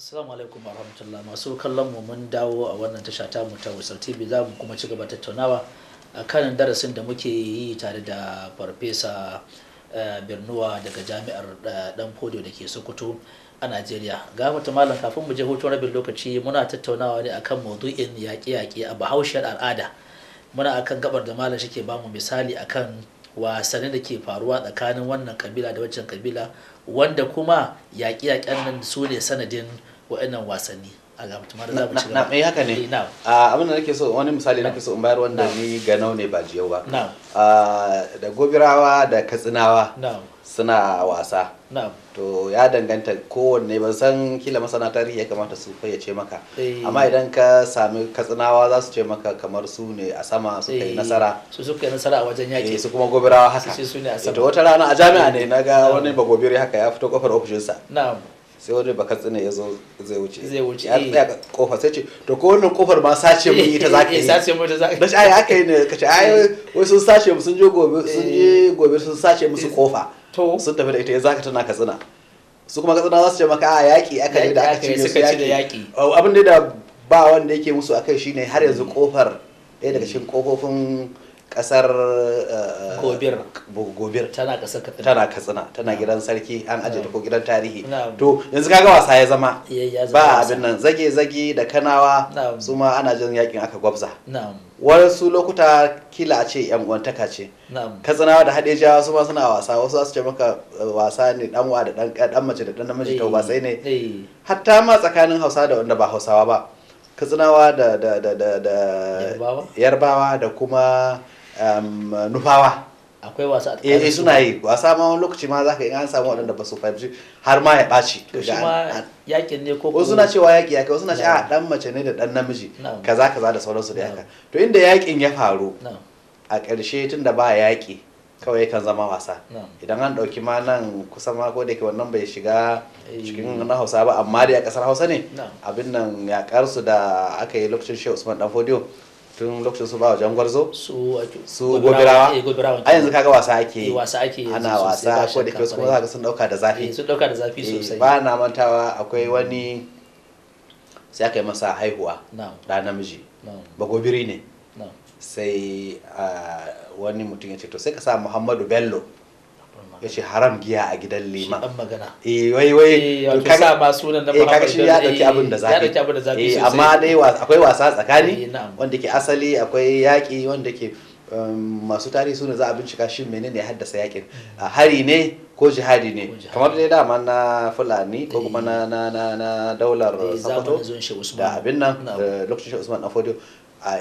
Assalamu alaikum warahmatullahi masu kallon mu mun dawo a wannan tasha ta mu ta Wasal TV za mu kuma ci gaba tattaunawa a kan darasin da muke yi tare da farfesa eh, Birnuwa daga jami'ar eh, Dan Fodio da ke Sokoto a Najeriya. Ga mutum malam kafin mu je hutun rabin lokaci muna tattaunawa ne akan maudu'in yaƙe-yaƙe a Bahaushiyar al'ada. Muna akan gabar da malam shike bamu misali akan wasanni da ke faruwa tsakanin wannan kabila da waccan kabila wanda kuma yaƙi yaƙen nan su ne sanadin wa'annan wasanni na mai eh, haka ne eh, ah, abin da nake so wani misali nake so in bayar wanda ni ganau ne ba jiyau ba ah, da gobirawa da katsinawa suna wasa to ya danganta kowanne ban san kila masana tarihi ya kamata su fayyace maka eh. amma idan ka sami katsinawa za su ce maka kamar su ne a sama su kai nasara su suka yi nasara a wajen yaki su kuma gobirawa haka su ne a sama wata rana a jami'a ne na ga wani ba gobiri haka ya fito kofar ofishinsa na'am sai wani baka tsina ya zo zai wuce zai wuce ya tsaya eh. kofa sai ce to ko wannan kofar ma sace mun ta zaka eh, yi sace mu ta zaka yi ai aka yi ne kace ai wai sun sace mu sun je gobe sun je eh. gobe sun sace musu kofa to sun tafi da ita ya zaka tana ka tsina su kuma katsina za su ce maka a yaƙi aka yi da aka ci suka ci da yaƙi abin da ba wanda yake musu akai shine har yanzu mm. kofar ɗaya daga cikin kofofin kasar eh, gobir tana kasar katsina tana gidan sarki an ajiye ko gidan tarihi to yanzu kaga wasa ya zama ba abin nan zage zage da kanawa su ma ana jin yakin aka gwabza wasu lokuta kila a ce yan taka ce katsinawa da hadejawa su ma suna wasa wasu su ce maka eh, wasa ne dan uwa da dan mace da dan namiji to ba eh, sai ne hatta ma tsakanin hausa da wanda ba hausawa ba katsinawa da yarbawa da kuma nufawa akwai wasa a eh, eh suna yi wasa ma wani lokaci ma zaka in an samu waɗanda ba su fahimci har ma ya ɓaci ne ko wasu na cewa yaƙi yaƙi wasu cewa a dan mace ne da ɗan namiji kaza kaza da sauransu da yaka to inda yaƙin ya faru a ƙarshe tun da ba yaƙi kawai kan zama wasa idan an ɗauki ma nan kusa ma ko da ke wannan bai shiga eh. cikin na hausa ba amma da a ƙasar hausa ne abin nan yaƙar su da aka yi lokacin shehu usman dan fodiyo tun lokacin su ba jan gwarzo su gobirawa a eh, yanzu kaga wasa ake eh, ana wasa ko da ke wasu kuma zaka sun dauka da zafi eh, sun dauka da zafi sosai ba na mantawa akwai wani sai aka yi masa haihuwa da namiji ba gobiri ne sai ah, wani mutum ya ce to sai ka sa muhammadu bello ya ce haram giya a gidan lima shi magana eh wai wai eh, to sa ma sunan da eh, Muhammad shi ya dauki eh, abin da zafi ya da zafi sosai amma dai akwai wasa tsakani wanda ke asali akwai yaki wanda ke um, masu tarihi suna za a bincika shi menene ya haddasa yakin mm. hari ne ko jihadi ne kamar dai dama na fulani ko kuma na na na daular sokoto da abin nan lokacin shi usman dan a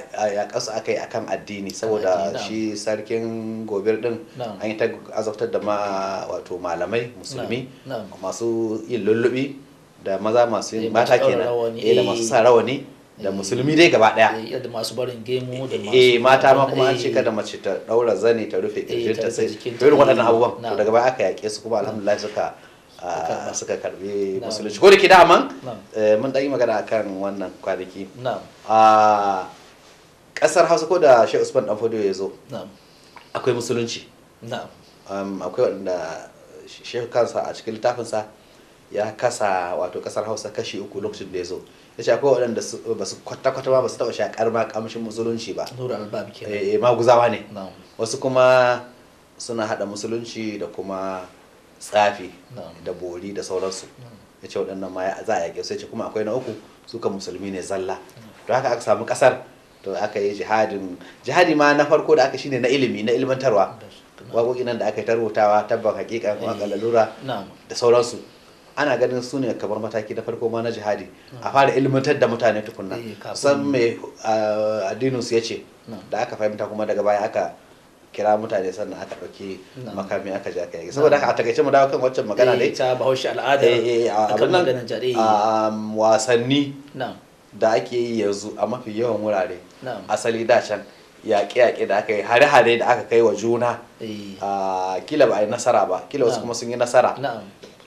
ƙasa aka yi a kan addini saboda shi sarkin gobir din an yi ta azabtar da wato malamai musulmi masu yin lullubi da maza masu yin eh, mata kenan eh, da masu sa rawani da eh. musulmi dai gaba daya da masu barin gemu da masu eh mata ma kuma an ce kada mace ta daura zane ta rufe ta sai irin waɗannan abubuwan to daga baya aka yaƙe su kuma alhamdulillah suka suka karbi ah, musulunci ko da ke daman mun ɗan yi magana akan wannan kwanaki ah, kasar hausa ko da shai usman dan fodo ya zo akwai musulunci um, akwai wadanda shi kansa a cikin littafinsa ya kasa wato kasar hausa kashi uku lokacin da ya zo ya ce akwai waɗanda ba su kwata-kwata ba su taɓa shakar ma kamshin musulunci ba eh, eh, maguzawa ne wasu kuma suna hada musulunci da kuma tsafi da bori da sauransu ya ce waɗannan ma za a yaƙe su ya ce kuma akwai na uku suka musulmi ne zalla don haka aka samu kasar. to aka yi jihadin jihadi ma na farko da aka shine na ilimi na ilmantarwa waƙoƙi nan da aka yi ta rubutawa tabban hakika waƙa lalura da sauransu ana ganin su ne kamar mataki na farko ma na jihadi a fara ilmantar da mutane tukunna eh, san mai addinin su ya ce da aka fahimta kuma daga baya aka kira mutane sannan aka ɗauki makami aka ja kai saboda haka a takaice mu dawo kan waccan magana eh, dai ta bahaushe al'ada eh, a wasanni da ake yi yanzu a mafi yawan wurare asali da can yaƙe-yaƙe da aka yi hare-hare da aka kai wa juna eh. a kila ba a yi nasara ba kila wasu kuma sun yi nasara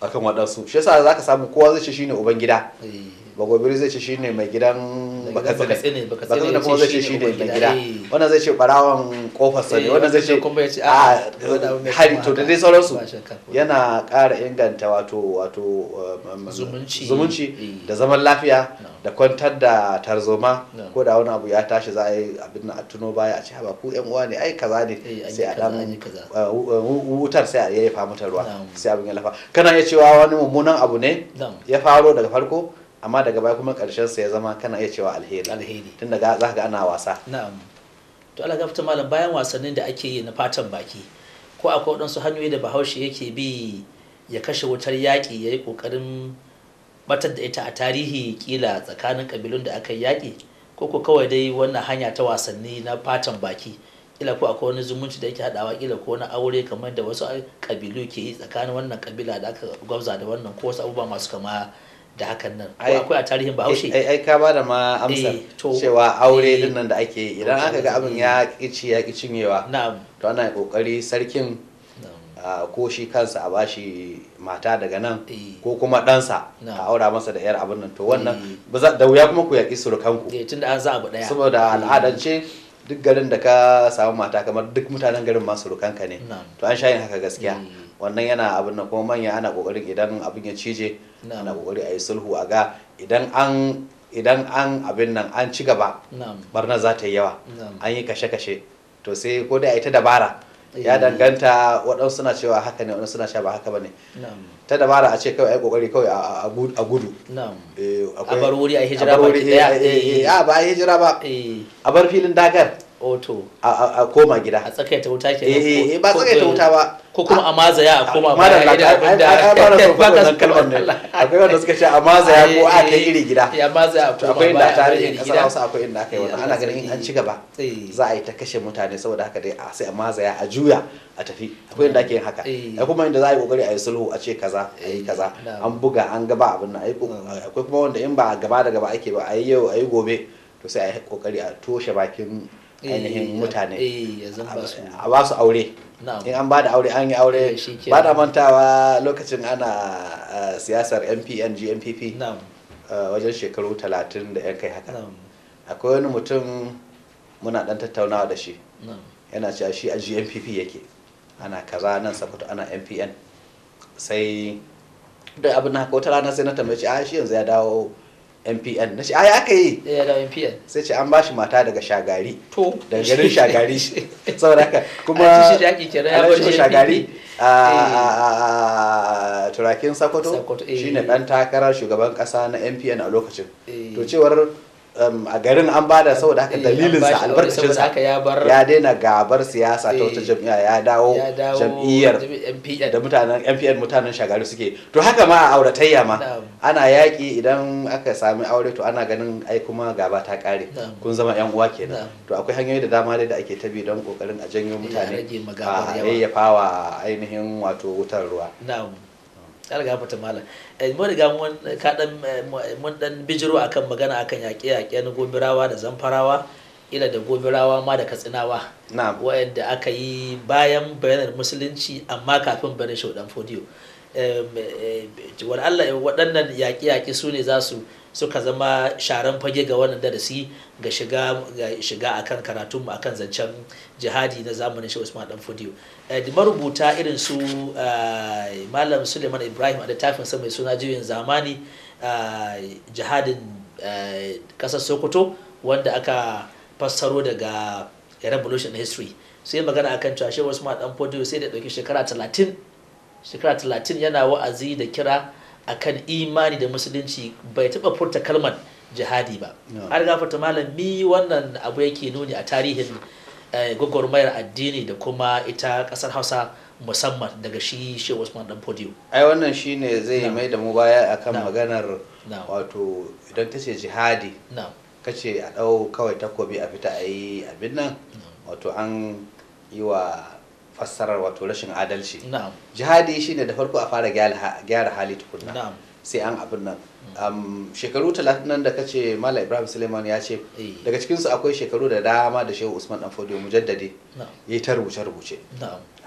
akan waɗansu shi yasa za ka samu kowa zai ce shine uban gida eh. gobe zai ce shine mai gidan baka ne baka tsine kuma zai ce shi ne mai gida eh. wannan zai ce barawan kofar Sani ne eh, wannan zai ce a ah, hari to da dai sauransu yana ƙara inganta wato wato um, zumunci eh. da zaman lafiya da kwantar da tarzoma ko da wani abu ya tashi za a yi abin a tuno baya a ce haba ku yan uwa ne ai kaza ne sai a dan uh, uh, wutar sai a yayyafa mata ruwa sai abin ya lafa kana iya cewa wani mummunan abu ne ya faro daga farko amma daga baya kuma karshen sa ya zama kana iya cewa alheri alheri tun daga za ga ana wasa na'am to Allah gafta malam bayan wasannin da ake yi na fatan baki ko akwai wadansu hanyoyi da bahaushe yake bi ya kashe wutar yaƙi ya yi ƙoƙarin batar da ita a tarihi kila tsakanin ƙabilun da aka yaƙi ko ko kawai dai wannan hanya ta wasanni na fatan baki kila ko akwai wani zumunci da yake haɗawa kila ko na aure kamar da wasu ƙabilu ke yi tsakanin wannan ƙabila da aka gwabza da wannan ko wasu abubuwa masu kama da hakan nan akwai a tarihin bahaushe ai ka ba ma amsa eh, cewa aure eh. din nan da ake idan aka ga abin ya kici ya kici mewa to ana kokari sarkin ah, ko shi kansa a bashi mata daga nan eh. ko kuma ɗansa a aura masa da yar abin nan to wannan da wuya kuma ku yaƙi surukanku tunda an za abu daya saboda al'adance duk garin da ka samu mata kamar duk mutanen garin masu rukanka ne to an sha yin haka gaskiya wannan yana abin na kuma manya ana kokarin idan abin ya cije ana kokari a yi sulhu a ga idan an idan an abin nan an ci gaba barna za ta yi yawa an yi kashe-kashe to sai ko da ita dabara ya eh. danganta waɗansu suna cewa haka ne waɗansu suna cewa ba haka ba ne ta dabara a ce kawai yi kokari kawai a gudu eh, a bar wuri a hijira ba eh, a ba a hijira ba a bar filin dagar oto a koma gida a ta wuta ke eh, eh ba ta wuta ba ko kuma a zaya a ah, koma baya gida abinda ba ka san kalmar ne akwai wanda suka ce a mazaya ko a kai iri gida eh, ya a koma akwai inda tarihin kasar Hausa akwai inda aka yi wannan eh, ana ganin an ci gaba za a yi ta kashe mutane saboda haka dai A sai a zaya, a juya a tafi akwai inda ake yin haka ya kuma inda za a yi kokari a yi sulhu a ce kaza a yi kaza an buga an gaba abin nan akwai kuma wanda in ba gaba da gaba ake ba a yi yau a yi gobe to sai a yi kokari a toshe bakin Eh, ainihin mutane eh, a ba su aure in an ba da aure an yi aure eh, ba da mantawa lokacin ana siyasar mpn gmpp wajen shekaru talatin da yan kai haka akwai wani mutum muna dan tattaunawa da shi yana cewa shi a gmpp yake ana kaza nan sakwato ana mpn sai da abin haka wata rana sai na tambaye shi a ah, shi yanzu ya dawo mpn na ce ai aka yi eh, sai ce an ba shi mata daga shagari to daga garin shagari saboda haka kuma a shagari a eh. turakin sakoto eh. shi ne dan takarar shugaban kasa na mpn a lokacin to cewar Um, a garin an bada saboda haka eh, dalilinsa sa ya daina gabar siyasa ta wata eh, jam'iyya ya dawo jam'iyyar da mutanen MPN mutanen shagari suke to haka ma a auratayya ma ana yaƙi idan aka sami aure to ana ganin ai kuma gaba ta kare kun zama yan uwa kenan to akwai hanyoyi da dama da ake tabi don kokarin a janyo mutane a yayyafa ainihin wato wutar ruwa kar mala malam eh, mun riga mun ka eh, mun dan bijiro akan magana akan yaƙe yaƙe na gobirawa da zamfarawa ila da gobirawa ma da katsinawa wayanda aka yi bayan bayanan musulunci amma kafin shau shaudan fodiyo eh, Allah waɗannan yaƙi-yaƙi su za su suka zama sharan fage ga wannan darasi ga shiga akan karatunmu akan zancen jihadi na zamanin shi Usman dan Fodiyo eh, marubuta irin su eh, Malam Suleiman Ibrahim a littafin sa mai suna juyin zamani eh, jihadin kasar Sokoto wanda aka fassaro daga revolution history sai magana akan cewa shehu Usman dan Fodiyo sai da dauki shekara 30 shekara 30 yana wa'azi da kira akan imani da musulunci bai taba furta kalmar jihadi ba har gafarta malam mi wannan abu yake nuni a tarihin Eh, gwagwarmayar addini da kuma ita kasar hausa musamman daga shi shi usman dan podiyo ai wannan shi ne zai mai da mu baya akan maganar wato idan ta ce jihadi kace a ɗau kawai takobi a fita a yi abin nan wato an yi wa fassarar wato rashin adalci jihadi shi ne da farko a fara gyara hali tukunna sai an abin nan shekaru talatin nan da ka ce mala ibrahim suleiman ya ce eh. daga cikinsu akwai shekaru da dama da shehu usman dan fodiyo mujaddadi ya yi ta rubuce rubuce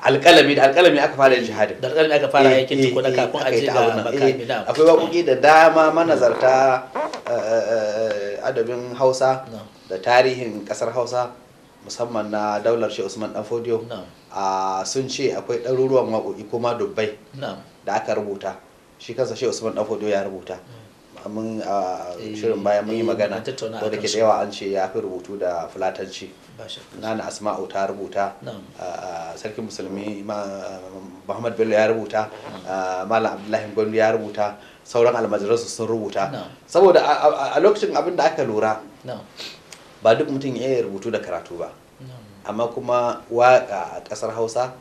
alƙalami da alƙalami aka fara yin jihadin da alƙalami aka fara yakin eh, eh, tuko na kafin a je da makami da akwai waƙoƙi da dama manazarta adabin hausa da tarihin ƙasar hausa musamman na daular shehu usman dan fodiyo ah, sun ce akwai ɗaruruwan waƙoƙi kuma dubbai da aka rubuta shi kansa shi usman fodo ya rubuta mm. mun a shirin baya mun yi eh, magana ko da ke da yawa an ce ya fi rubutu da fulatanci nana asma'u ta rubuta sarki musulmi muhammad bello ya rubuta mm. malam abdullahi gwandu ya rubuta sauran almajirarsu sun rubuta saboda a lokacin abin da aka lura ba duk mutum ya rubutu da karatu ba amma kuma waka a kasar hausa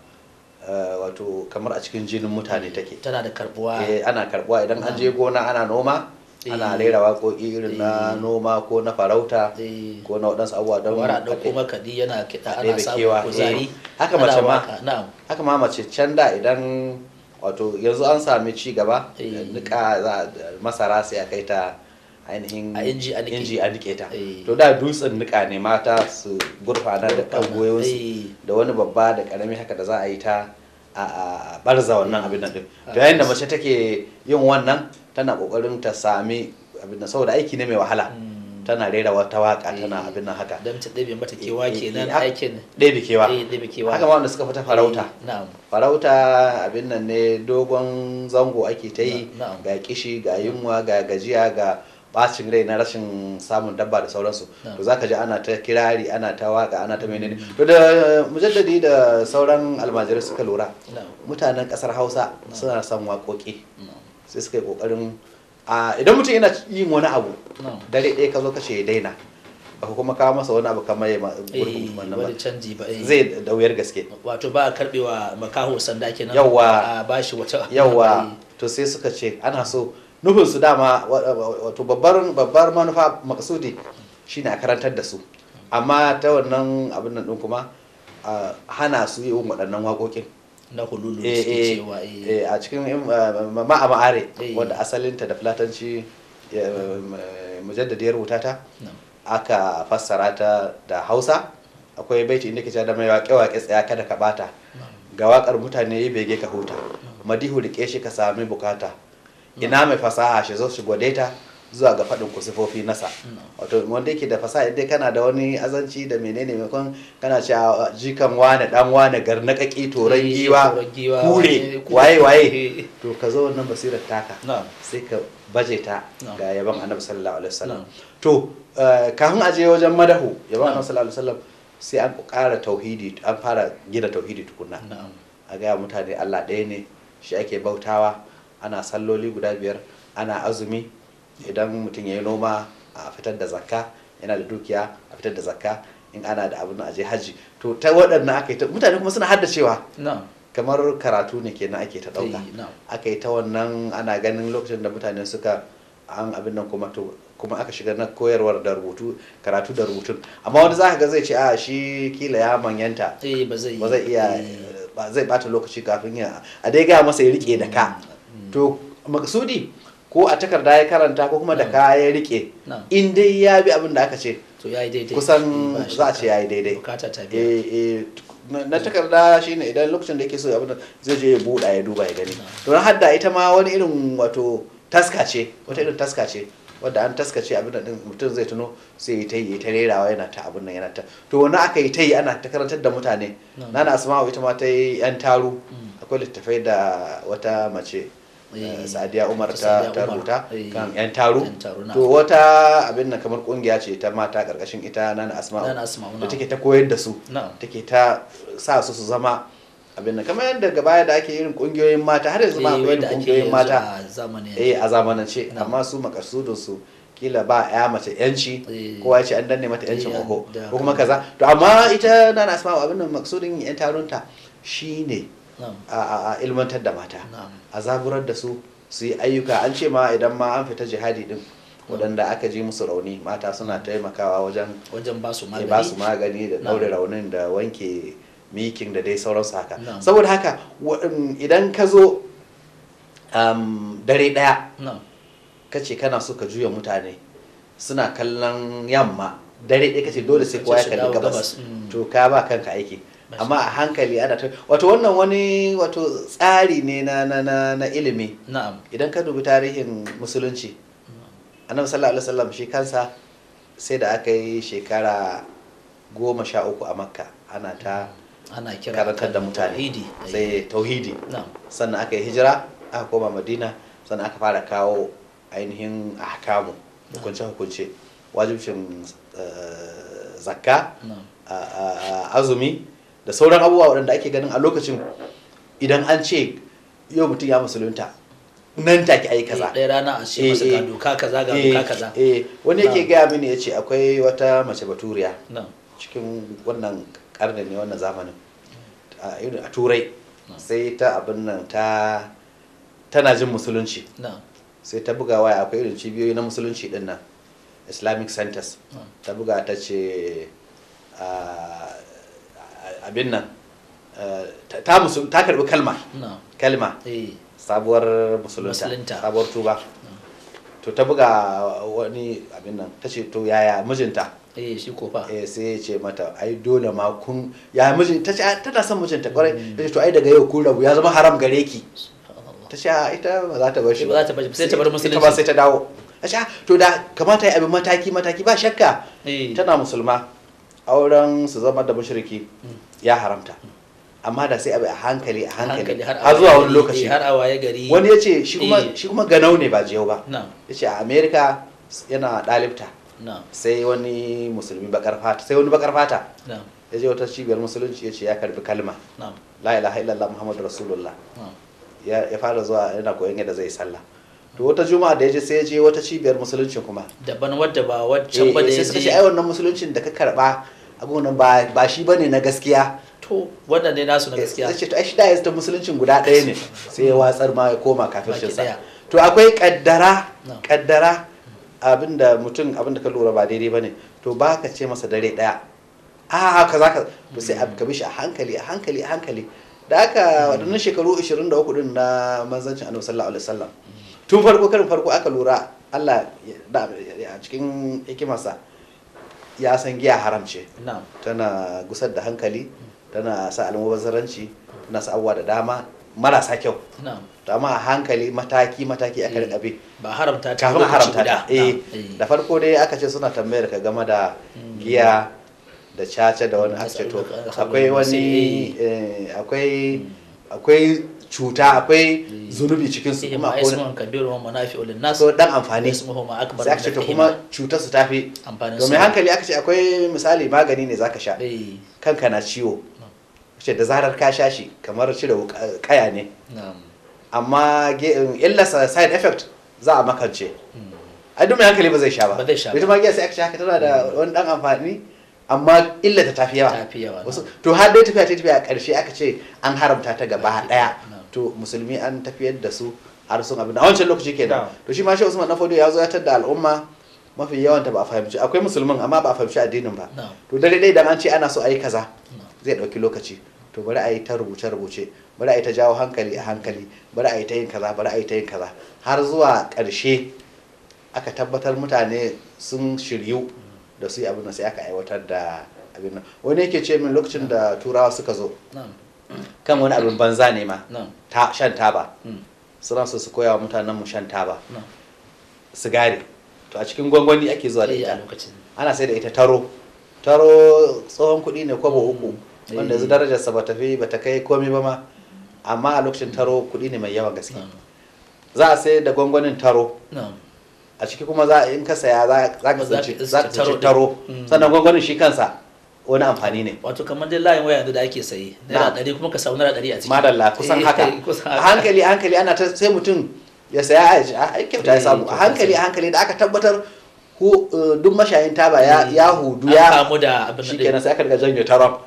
Eh, wato kamar a cikin jinin mutane take tana da karbuwa eh ana karbuwa idan an je gona ana noma ana eh. rera waƙoƙi irin na eh. noma ko na farauta ko na waɗansu abubuwa don wara kuma kadi yana kiɗa ana samun kuzari haka mace ma haka ma mace can da idan wato yanzu an sami ci gaba nika masara sai a kai ta ainihin inji a nike ta eh. to da dutsen nika ne mata su gurfana da kan su eh. da wani babba da karami haka da za a yi ta a barza wannan abin nan din to ah. yayin da mace take yin wannan tana kokarin ta sami abin nan saboda aiki ne mai wahala hmm. tana rera wata waka eh. tana abin nan haka dan ta ɗebe mata kewa kenan aikin ɗebe kewa ɗebe kewa haka ma wanda suka fita farauta farauta abin nan ne dogon zango ake ta yi ga kishi ga yunwa ga gajiya ga bacin rai na rashin samun dabba da sauransu to za ka ji ana ta kirari ana ta waka ana ta menene mm. to da eh, mujaddadi da sauran almajirai suka lura mutanen kasar Hausa suna son waƙoƙi sai suka yi ƙoƙarin idan mutum yana yin wani abu dare ɗaya ka zo ka ce daina ko kuma kawo masa wani abu kamar ya eh, wani canji ba eh. zai da wuyar gaske wato ba a karbewa makaho sanda kenan yawa a bashi wata yawa to sai suka ce ana so nufin su dama wato babbar babbar manufa maksudi shine a karantar da su amma ta wannan abin nan din kuma hana su yi waɗannan waƙoƙin na hululu eh, suke eh, cewa eh. a cikin ma'amare wadda asalinta da fulatanci mujaddadi ya rubuta ta aka fassara ta da hausa akwai baiti inda ke cewa da mai waƙe-waƙe tsaya kada ka bata ga waƙar mutane yi bege ka huta madihu rike shi ka sami bukata ina mai fasaha shi zo shi gwade ta zuwa ga faɗin kusufofi nasa wato wanda yake da fasaha idan kana da wani azanci da menene mai maimakon kana cewa ah, jikan wane dan wane garnaƙaƙi toran eh, giwa kure waye waye to ka zo wannan basirar taka sai ka baje ta ga yaban annabi sallallahu alaihi wasallam to eh, kafin a je wajen madahu yaban annabi sallallahu alaihi wasallam sai an ƙara tauhidi an fara gina tauhidi tukunna a gaya mutane Allah ɗaya ne shi ake bautawa ana salloli guda biyar ana azumi idan mutum ya yi noma a fitar da zakka yana da dukiya a fitar da zakka in ana da abin aje haji to ta waɗannan aka yi ta mutane kuma suna haddacewa kamar karatu ne kenan ake ta ɗauka eh, aka yi ta wannan ana ganin lokacin da mutane suka an abin nan kuma to kuma aka shiga na koyarwar da rubutu karatu da rubutun amma wani ka ga zai ce a ah, shi kila ya manyanta eh, ba zai iya ba zai eh. bata lokaci kafin ya a dai ga masa ya rike da ka mm. to maksudi ko a takarda ya karanta ko kuma da hmm. ka ya rike hmm. in dai ya bi abin da aka ce kusan za a ce ya yi daidai eh, eh, na takarda shi ne idan lokacin da yake so abin zai je ya buɗa ya duba ya gani don hmm. hadda ita ma wani irin wato taska ce wata irin taska ce wadda an taskace abin da mutum zai tuno sai ya ta yi ta rerawa yana ta abin nan yana ta to wani aka yi ta yi ana ta karantar da mutane nana asma'u ita ma ta yi yan taru akwai littattafai da wata mace Eh, eh, sadiya umar ta rubuta eh, kan yan taro to wata abin nan kamar kungiya ce ta mata karkashin ita nan asma'u da take ta koyar da su take ta sa su su zama abin nan kamar yadda gaba da ake irin kungiyoyin mata har yanzu ma akwai irin kungiyoyin mata eh a zamanance amma su makasudun su kila ba ya mace yanci kowa wace ce an danne mata yancin oho ko kuma kaza to amma ita nana asma'u abin nan maksudin yan tarunta shine a ilmantar da mata a zaburar da su su yi ayyuka an ce ma idan ma an fita jihadi din waɗanda aka ji musu rauni mata suna taimakawa wajen ba su magani da ɗaure raunin da wanke mikin da dai sauransu haka saboda haka idan ka zo dare ɗaya ka ce kana so ka juya mutane suna kallon yamma dare ɗaya kace dole sai kowa ya kalli gabas mm. to ka ba kanka aiki amma a hankali ana ta wato wannan wani wato tsari ne na na na, na ilimi na'am idan ka dubi tarihin musulunci annabi sallallahu alaihi wasallam shi kansa sai da aka yi shekara goma sha uku a makka ana ta mm. ana kira karantar da mutane sai tauhidi sannan aka yi hijira aka koma madina sannan aka fara kawo ainihin ahkamu hukunce hukunce wajibcin Eh, zakka azumi da sauran abubuwa waɗanda ake ganin a lokacin idan an ce yau mutum ya musulunta nan take ai kaza eh, ɗaya rana a ce eh, masa ga doka kaza ga doka kaza wani yake gaya mini ya ce akwai wata mace baturiya cikin wannan karni ne wannan zamanin a turai sai ta abin nan ta tana jin musulunci sai ta buga waya akwai irin cibiyoyi na musulunci din nan islamic centers ah. ta buga ta ce ah, abin nan ah, ta karbi kalma kalma eh. sabuwar musulunta sabuwar tuba to ta buga wani abin nan ta ce to yaya mijinta eh shi ko fa eh sai ce mata ai dole ma kun ya mijin ta ce tana son mijinta kwarai mm. ta ce to ai daga yau kun rabu ya zama haram gare ki ta ce ita ba za ta bar shi ba za ta bar sai ta bar musulunci ba sai ta dawo a to da kamata ya abin mataki mataki ba shakka eh. tana musulma auren su zama da mushriki hmm. ya haramta amma da sai abu a hankali a hankali har zuwa wani lokaci eh, har awaye gari wani ya ce shi kuma eh. ganau ne ba jiyau ba ya ce a america yana dalibta sai wani musulmi bakar fata sai wani bakar fata ya je wata cibiyar musulunci ya ce ya karbi kalma la ilaha illallah muhammadu rasulullah ya fara zuwa yana koyon yadda zai sallah to wata juma'a da ya je sai ya je wata cibiyar musulunci kuma daban wadda ba waccan ba da ya eh, je sai eh, ai wannan musuluncin da ka karba abunan ba ba shi bane na gaskiya to wannan ne nasu na eh, gaskiya sai ce to ai shi da ya musuluncin guda ɗaya ne sai ya watsar ma ya koma kafircin sa to akwai kaddara kaddara abinda mutum abinda ka lura ba daidai bane to ba ka ce masa dare daya. a ka za ka sai ka bishi a hankali a hankali a hankali da aka mm. waɗannan shekaru 23 din na manzancin annabi sallallahu alaihi wasallam tun farko karin farko aka lura Allah a cikin hikimarsa ya san giya haramce tana gusar da hankali tana sa almubazzaranci tana sa abubuwa da dama marasa kyau to amma a hankali mataki mataki aka eh, karin abin ba haramta ta kafin haramta ta eh. Eh. da farko dai aka ce suna tambayar ka game da mm. giya da caca da wani mm. aka to akwai wani akwai akwai cuta akwai zunubi cikin su kuma akwai ismun kabiru wa manafi'u nas. so dan amfani sai aka ce to kuma cutar su tafi domin hankali aka ce akwai misali magani ne zaka sha eh. kanka na ciwo ce da zarar ka sha shi kamar cire kaya ne amma illa side effect za a makance hmm. ai duk mai hankali ba zai sha ba ita ma giya sai aka sha haka tana da hmm. wani dan amfani amma illa ta fi yawa wasu to har dai tafiya ta tafiya a ƙarshe aka ce an haramta ta gaba daya to musulmi an tafiyar da su har sun abin a wancan lokaci kenan to shi ma shi Usman na fodo ya zo ya tada al'umma mafi yawan ta ba a fahimci akwai musulmin amma ba a fahimci addinin ba to dare dai idan an ce ana so a yi kaza zai dauki lokaci to bari a ta rubuce rubuce bari a ta jawo hankali a hankali bari a ta yin kaza bari a yi ta yin kaza har zuwa ƙarshe aka tabbatar mutane sun shiryu da su yi abin da sai aka aiwatar da abin nan wani yake ce min lokacin da turawa suka zo kan wani abin banza ne ma ta shan taba hmm. suna so su koya wa mutanen mu shan taba sigari to a cikin gwangwani ake zuwa da eh, ita ana sai da ita taro taro tsohon kuɗi ne kwabo uku eh. wanda yanzu darajarsa ba fi ba ta kai komai ba ma amma a lokacin taro kuɗi ne mai yawan gaske za a sai da gwangwanin taro a ciki kuma za in ka saya za ka tsinci taro hmm. sannan gwangwanin shi kansa wani amfani ne wato kamar dai layin waya da ake sayi naira ɗari kuma ka samu naira ɗari a ciki madalla kusan eh, haka a hankali a hankali ana ta sai mutum ya saya a ji a kyauta ya eh, samu a hankali a hankali da aka tabbatar eh, duk mashayin taba ya hudu ya kamu da abin shi kenan sai aka daga janyo tarab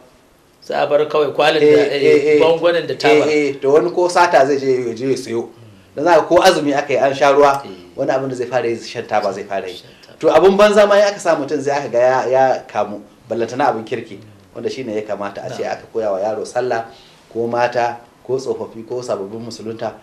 sai a bar kawai kwalin da bangonin da taba to wani ko sata zai je ya je ya sayo hmm. dan za ko azumi aka yi an sha ruwa wani abin da zai fara yi shan taba zai fara yi to abun banza ma ya aka sa mutum zai aka ga ya kamu ballantana abin kirki wanda shine ya kamata a ce aka koya wa yaro sallah ko mata ko tsofaffi ko sababbin musulunta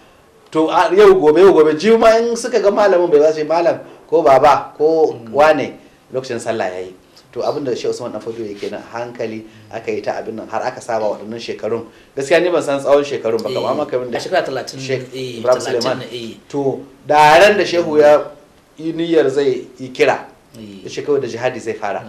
to yau gobe yau gobe ji ma in suka ga malamin bai za su malam ko baba ko mm. wane lokacin sallah yayi to abin da shi Usman dan Fodio yake nan hankali aka yi ta abin nan har aka saba waɗannan shekarun gaskiya ni ban san tsawon shekarun ba kamar maka da eh, shekara 30 eh Suleiman eh. to da ran da shehu ya mm. niyyar zai yi kira eh. shekaru da jihadi zai fara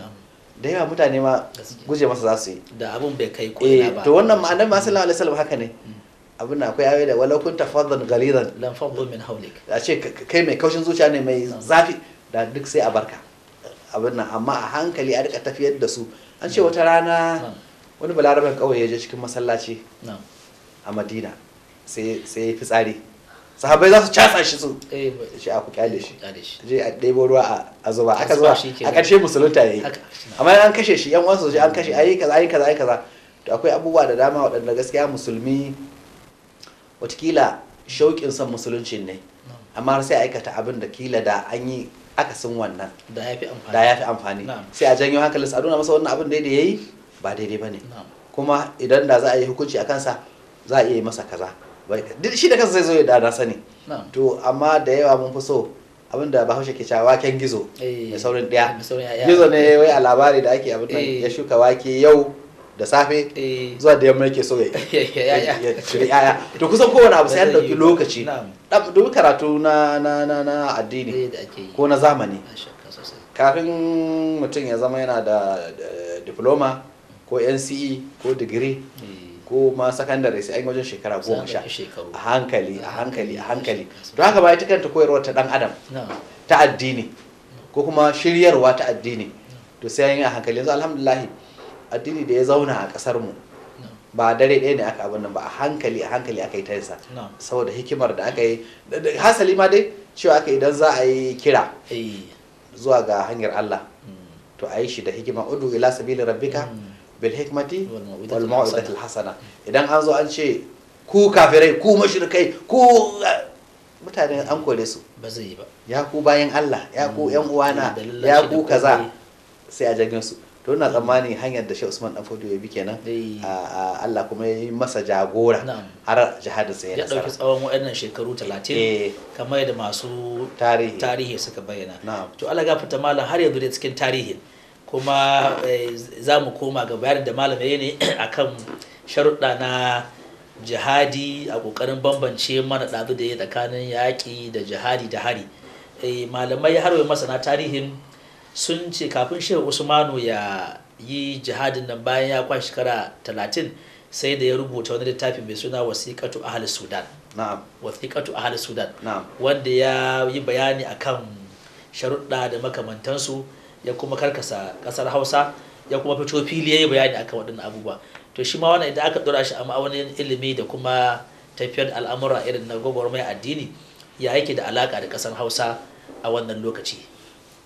da yawa mutane ma guje masa za su yi da abin bai kai ko ina eh, ba to wannan ma annabi sallallahu alaihi wasallam haka ne mm. abin na akwai ayoyi da walau kunta fadlan ghalidan lan fadlu min hawlik a ce kai mai kaushin zuciya ne mai zafi da duk sai a barka abin nan amma a hankali a rika tafiyar da su an ce wata rana wani balarabin kauye ya je cikin masallaci a madina sai ya fitsari sahabai za su casa shi su eh, shi a ah, ku kyale shi je a ɗebo ruwa a zuba aka zuba a ƙarshe musulunta ya yi amma an kashe shi yan wasu shi an kashe ayi kaza ayi kaza ayi kaza to akwai abubuwa da dama waɗanda gaskiya musulmi watakila shauƙin son musulunci ne amma sai aikata abin da kila da an yi akasin wannan da ya fi amfani sai a janyo hankalin a nuna masa wannan abin da ya yi ba daidai ba ne kuma idan da za a yi hukunci a kansa za a iya yi masa kaza shi da kansa zai zo ya da sani to amma da yawa mun fi so abinda bahaushe ke cewa waken gizo mai saurin daya gizo ne wai a labari da ake abin eh. ya shuka wake yau da safe eh. zuwa da yamma yake so ya cire yaya to kusan kowane abu sai dauki lokaci duk karatu na na addini eh, ko na zamani kafin mutum ya zama yana da diploma ko nce ko digiri ko ma sakandare sai an wajen shekara goma sha a hankali a hankali a hankali To haka ba ita kanta koyarwa ta dan adam ta addini ko kuma shiryarwa ta addini to sai an yi a hankali yanzu alhamdulahi addini da ya zauna a kasar mu ba dare ɗaya ne aka abin nan ba a hankali a hankali aka yi ta yasa saboda hikimar da aka yi hasali ma dai cewa aka idan za a yi kira eh. zuwa ga hanyar Allah hmm. to a yi shi da hikima udu ila sabili rabbika hmm. bil hikmati wal mau'izati hasana idan an zo an ce ku kafirai ku mushrikai ku mutane an kore su ba zai yi ba ya ku bayan Allah ya ku yan uwana ya ku kaza sai a jagin su to ina tsammani hanyar da Sheikh Usman Dan Fodio ya bi kenan Allah kuma ya yi masa jagora har jihadin sai ya dauki tsawon waɗannan shekaru 30 kamar yadda masu tarihi suka bayyana to Allah gafarta malam har yanzu da cikin tarihin kuma eh, za mu koma ga bayanin da malamai ne akan sharuɗa na jihadi a ƙoƙarin bambance mana ɗazu da ya tsakanin yaƙi da jihadi da hari eh, malamai har masana tarihin sun ce kafin shehu usmanu ya yi jihadin nan bayan ya kwa shekara talatin sai da ya rubuta wani littafi mai suna wasiƙatu ahal sudan wasiƙatu ahal sudan wanda ya yi bayani akan sharuɗa da makamantansu ya kuma karkasa kasar hausa ya kuma fito fili ya yi bayani akan waɗannan abubuwa to shi ma wannan idan aka dora shi a ma'aunin ilimi da kuma tafiyar al'amura irin na gwagwarmaya addini ya yake da alaka da kasar hausa a wannan lokaci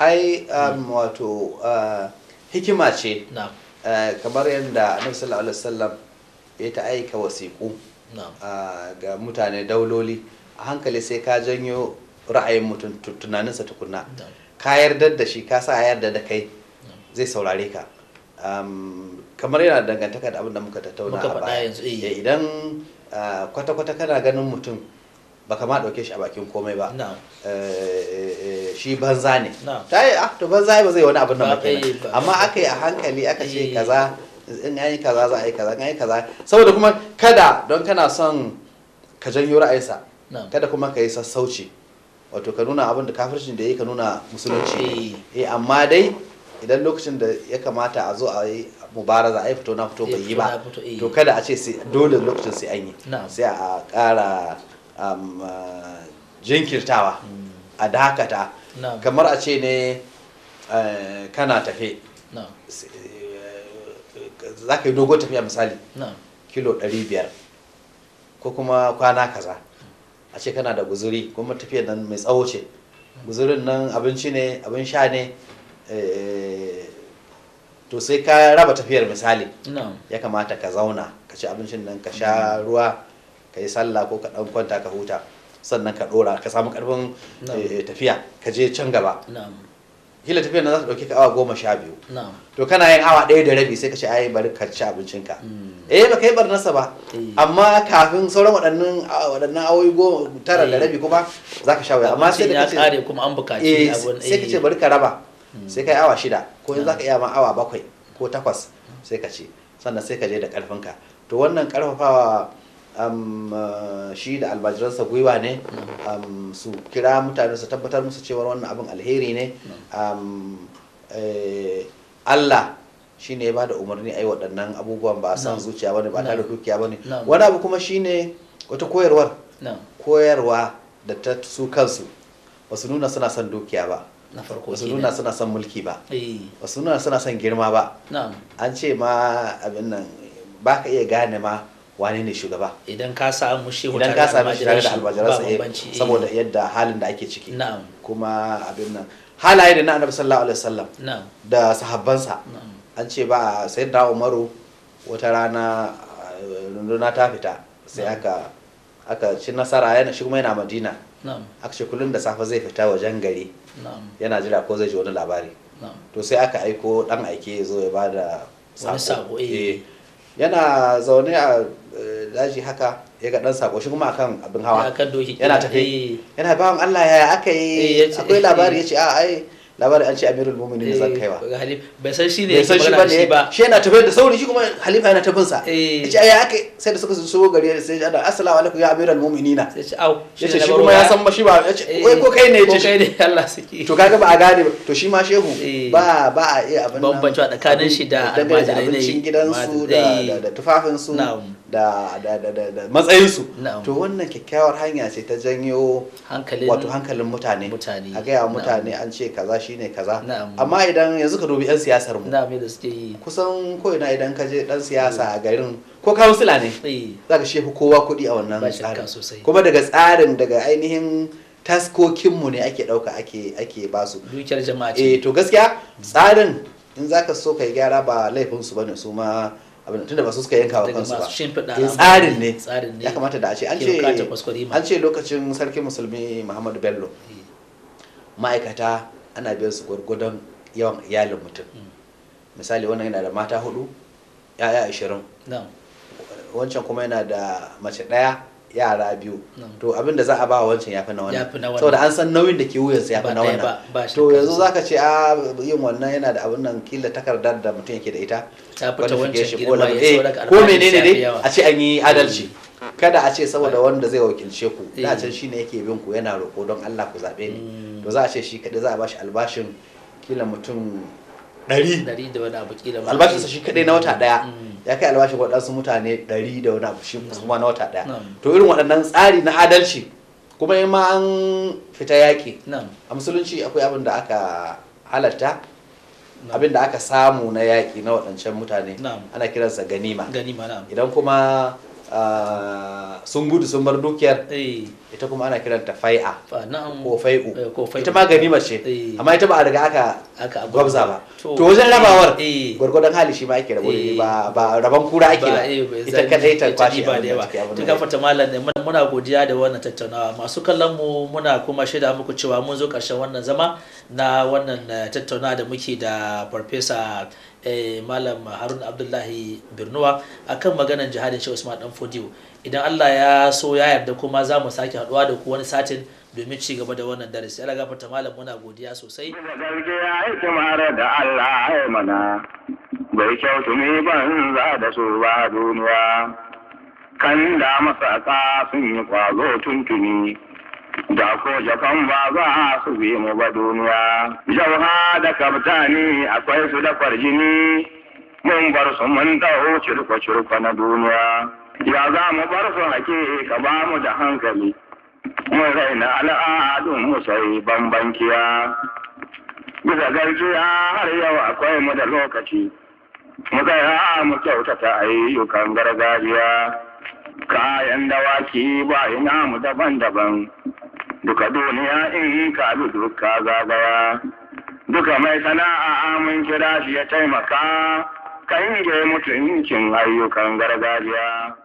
ai um, wato uh, hikima ce uh, kamar yadda annabi sallallahu alaihi wasallam ya ta aika wasiƙu uh, ga mutane dauloli a hankali sai ka janyo ra'ayin mutum tunaninsa tukunna ka yarda da shi ka sa a yarda da kai zai saurare ka kamar yana dangantaka da abin da muka tattauna a baya eh. Eh, idan ah, kwata-kwata kana ganin mutum ba ma dauke shi a bakin komai ba eh, shi banza ne ta yi ah, to banza ba zai wani abin da muke amma aka yi a hankali aka ce kaza in yi kaza za a yi kaza in yi kaza saboda kuma kada don kana son ka janyo ra'ayinsa kada kuma ka yi sassauci wato ka nuna abin da kafircin da ya ka nuna musulunci eh. eh amma dai idan lokacin da ya kamata a zo a yi mubaraza a yi fito na fito bai yi ba eh, eh. to kada a ce dole lokacin sai an yi sai a ƙara um, uh, jinkirtawa hmm. a dakata kamar a ce ne kana tafe za ka yi dogo tafiya misali kilo 500 ko kuma kwana kaza a ce kana da guzuri kuma tafiyar nan mai tsawo ce guzurin nan abinci ne abin sha ne eh, to sai ka raba tafiyar misali ya kamata ka zauna ka ci abincin nan ka sha ruwa ka yi sallah ko ka ɗan kwanta ka huta sannan ka ɗora ka samu karfin eh, tafiya ka je can gaba kila tafiyar na za su ɗauki ka awa goma sha biyu to kana yin awa ɗaya da rabi sai ka ce ai bari ka ci abincinka hmm. eh ba kai barnarsa ba eh. amma kafin sauran waɗannan waɗannan awoyi goma tara da eh. rabi kuma za ka sha wuya amma sai ka ce kuma an buƙaci eh, sai ka ce bari ka raba hmm. sai ka yi awa shida ko za ka iya ma awa bakwai ko takwas sai ka ce sannan sai ka je da ƙarfinka to wannan ƙarfafawa Uh, shi da albajiransa gwiwa ne mm. su kira mutane su tabbatar musu cewar wannan abin alheri ne mm. eh, Allah shi ne ya ba da umarni a yi waɗannan abubuwan ba a san mm. zuciya ba ne ba tare da dukiya ba ne wani abu kuma shi ne wata koyarwar koyarwa da ta su kansu ba su nuna suna son dukiya ba ba su nuna suna son mulki ba eh. ba su nuna suna son girma ba an ce ma abin nan ba ka iya gane ma wane ne shugaba idan ka samu idan ka samu shi tare da ya eh, eh. saboda yadda halin da ake ciki na'am kuma abin nan halaye da na annabi sallallahu alaihi wasallam na'am da sahabbansa an ce ba sai da umaru wata rana eh, runduna ta fita sai aka aka ci nasara yana shi kuma yana madina aka ce kullum da safe zai fita wajen gari yana jira ko zai ji wani labari to sai aka aiko dan aike ya zo ya bada sako yana zaune a eh, daji haka ya ga dan sako shi kuma akan abin hawa yana tafi eh. yana bawan Allah ya aka yi eh, akwai labari ya ce a ai labarin an ce amirul mu'minin ne zan kaiwa eh, bai san shi ne ya san shi ba ne shi yana tafiyar da sauri shi kuma halifa yana tafin sa eh. yace ai ake. sai da suka so gari sai ya da assalamu alaikum ya amirul mu'minina yace au yace shi kuma ya san ba shi ba yace eh, wai ko kai ne yace kai ne Allah saki to kaga ba a gane ba to shi ma shehu ba ba a iya abin nan bambancewa tsakanin shi da almajirai ne abincin gidansu da tufafin su da matsayinsu to wannan kyakkyawar hanya ce ta janyo wato hankalin mutane a gaya mutane an ce kaza shine kaza amma idan yanzu ka dobi 'yan siyasar mu kusan ko ina idan ka je dan siyasa a garin ko kansila ne eh. za ka shefi kowa kuɗi a wannan tsarin kuma daga tsarin daga ainihin taskokinmu ne ake ɗauka ake basu dukiyar jama'a ce eh, to gaskiya tsarin in za ka so ka yi gyara ba laifinsu ba ne su ma abin tunda ba su suka yanka wa kansu ba eh, tsarin ne ya kamata da a ce an ce lokacin sarkin musulmi muhammadu bello eh. ma'aikata ana biyan su gwargwadon yawan iyalin mutum hmm. misali wannan yana da mata hudu ya'ya ashirin wancan kuma yana da mace daya. yara biyu to abin da za a ba wa wancan ya fi na wannan saboda an san nauyin da ke wuyansa ya fi na wannan to yanzu za ka ce a ah, yin wannan yana da abin nan kila takardar da mutum yake da ita ko eh, menene ne a ce an yi adalci mm. kada a ce saboda wanda zai wakilce ku da eh. can ne yake bin ku yana roƙo don Allah ku zaɓe ni mm. to za a ce shi kaɗai za a bashi albashin kila mutum ɗari albashinsa shi kaɗai na wata ɗaya mm. ya kai albashin waɗansu mutane ɗari da wani abu shi kuma na wata ɗaya to irin waɗannan tsari na adalci kuma in ma an fita yaƙi a musulunci akwai abin da aka halatta abin da aka samu na yaƙi na waɗancan mutane ana kiransa ganima idan kuma sun gudu sun bar dukiyar eh. ita kuma ana kiranta fai'a eh, ko fai'u ita ma ganima ce eh. amma ita ba a riga aka gwabza ba to wajen rabawar gwargwadon hali shi ma ake rabu ba rabon kura ake ba ita kadai ta kwashi ba da yawa to gafarta malam muna godiya da wannan tattaunawa masu kallon mu muna kuma shaida muku cewa mun zo karshen wannan zama na wannan tattaunawa da muke da farfesa Eh, malam harun abdullahi birnuwa akan maganan jihadin shi usman dan fodiyo idan allah ya so ya yarda kuma za mu sake haduwa da ku wani satin domin ci gaba da wannan darasi ala gafarta malam muna godiya sosai bai kyautu bai ban za da su ba duniya kan da masaka sun yi kwazo tuntuni da ko jakan ba za su bi mu ba duniya jauha da kaftani akwai su da farjini mun bar su mun o cirko cirko na duniya ya za mu bar su hake ka ba mu da hankali mun raina al'adun mu sai bambankiya bisa garkiya har yau akwai mu da lokaci mu tsaya mu kyautata ayyukan gargajiya kayan dawaki ba ina mu daban-daban duka duniya in yi ka duka zagawa duka mai sana'a amin kira shi ya taimaka ka yi mutuncin ayyukan gargajiya